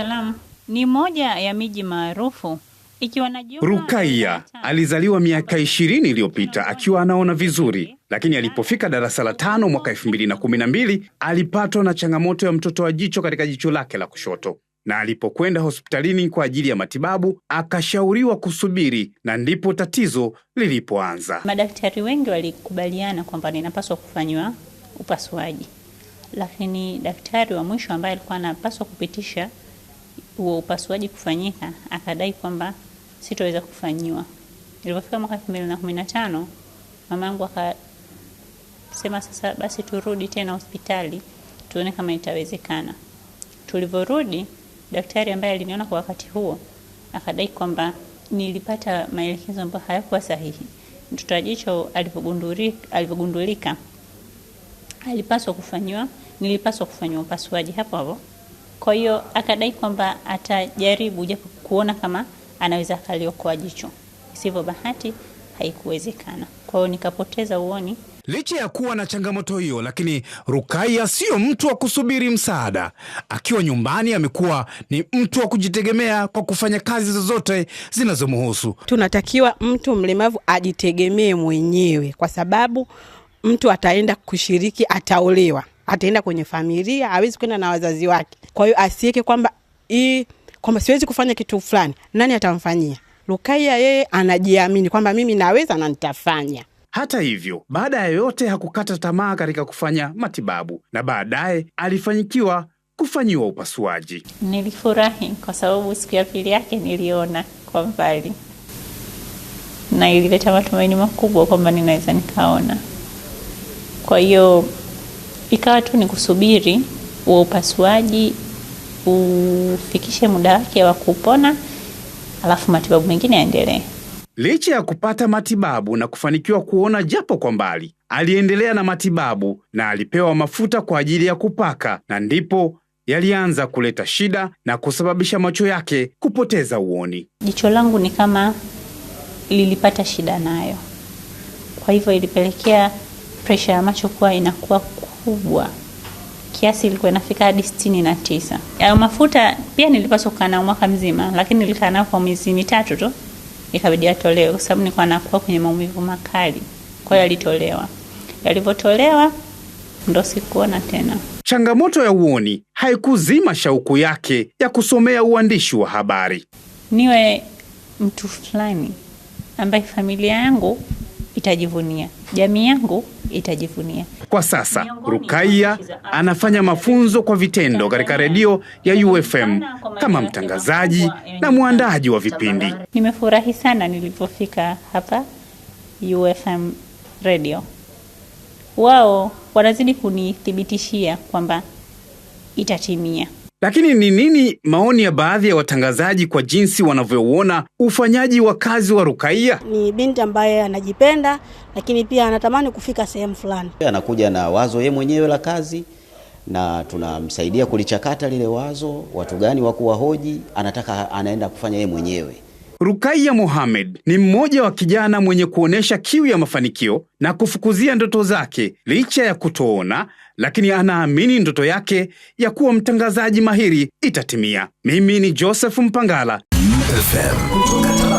Salaam ni moja ya miji maarufu ikiwa na jumla. Rukaiya alizaliwa miaka ishirini iliyopita akiwa anaona vizuri, lakini alipofika darasa la tano mwaka elfu mbili na kumi na mbili alipatwa na changamoto ya mtoto wa jicho katika jicho lake la kushoto na alipokwenda hospitalini kwa ajili ya matibabu akashauriwa kusubiri, na ndipo tatizo lilipoanza. Madaktari wengi walikubaliana kwamba ninapaswa kufanywa upasuaji, lakini daktari wa mwisho ambaye alikuwa anapaswa kupitisha huo upasuaji kufanyika, akadai kwamba sitoweza kufanyiwa. Ilipofika mwaka 2015 mama yangu akasema sasa basi turudi tena hospitali tuone kama itawezekana. Tulivyorudi, daktari ambaye aliniona kwa wakati huo akadai kwamba nilipata maelekezo ambayo hayakuwa sahihi. Mtoto wa jicho alivyogundulika alipaswa kufanyiwa, nilipaswa kufanyiwa upasuaji hapo hapo kwa hiyo akadai kwamba atajaribu japo kuona kama anaweza akaliokoa jicho, isivyo bahati haikuwezekana. Kwa hiyo nikapoteza uoni. Licha ya kuwa na changamoto hiyo, lakini Rukaiya siyo mtu wa kusubiri msaada. Akiwa nyumbani, amekuwa ni mtu wa kujitegemea kwa kufanya kazi zozote zinazomhusu. Tunatakiwa mtu mlemavu ajitegemee mwenyewe, kwa sababu mtu ataenda kushiriki, ataolewa ataenda kwenye familia, awezi kwenda na wazazi wake. Kwa hiyo asiweke kwamba hii kwamba siwezi kufanya kitu fulani, nani atamfanyia? lukaia yeye anajiamini kwamba mimi naweza na nitafanya. Hata hivyo, baada ya yote hakukata tamaa katika kufanya matibabu na baadaye alifanyikiwa kufanyiwa upasuaji. Nilifurahi kwa sababu siku ya pili yake niliona kwa mbali na ilileta matumaini makubwa kwamba ninaweza nikaona. Kwa hiyo ikawa tu ni kusubiri wa upasuaji ufikishe muda wake wa kupona, alafu matibabu mengine yaendelee. Licha ya kupata matibabu na kufanikiwa kuona japo kwa mbali, aliendelea na matibabu na alipewa mafuta kwa ajili ya kupaka, na ndipo yalianza kuleta shida na kusababisha macho yake kupoteza uoni. Jicho langu ni kama lilipata shida nayo, kwa hivyo ilipelekea presha ya macho kuwa inakuwa kubwa kiasi ilikuwa inafika hadi sitini na tisa. Ayo mafuta pia nilipaswa kukaa nao mwaka mzima, lakini nilikaa nao kwa miezi mitatu tu, ikabidi atolewe kwa sababu nilikuwa nakuwa kwenye maumivu makali. Kwa hiyo alitolewa. Yalivyotolewa ndo sikuona tena. Changamoto ya uoni haikuzima shauku yake ya kusomea uandishi wa habari. Niwe mtu fulani ambaye familia yangu itajivunia, jamii yangu itajivunia. Kwa sasa Rukaiya anafanya mafunzo kwa vitendo katika redio ya UFM kama mtangazaji na mwandaji wa vipindi. Nimefurahi sana nilipofika hapa UFM redio, wao wanazidi kunithibitishia kwamba itatimia. Lakini ni nini maoni ya baadhi ya watangazaji kwa jinsi wanavyouona ufanyaji wa kazi wa Rukaiya? Ni binti ambaye anajipenda, lakini pia anatamani kufika sehemu fulani. Anakuja na wazo yeye mwenyewe la kazi na tunamsaidia kulichakata lile wazo, watu gani wa kuwahoji, anataka anaenda kufanya yeye mwenyewe. Rukaiya Mohamed ni mmoja wa kijana mwenye kuonyesha kiu ya mafanikio na kufukuzia ndoto zake licha ya kutoona, lakini anaamini ndoto yake ya kuwa mtangazaji mahiri itatimia. Mimi ni Joseph Mpangala FM.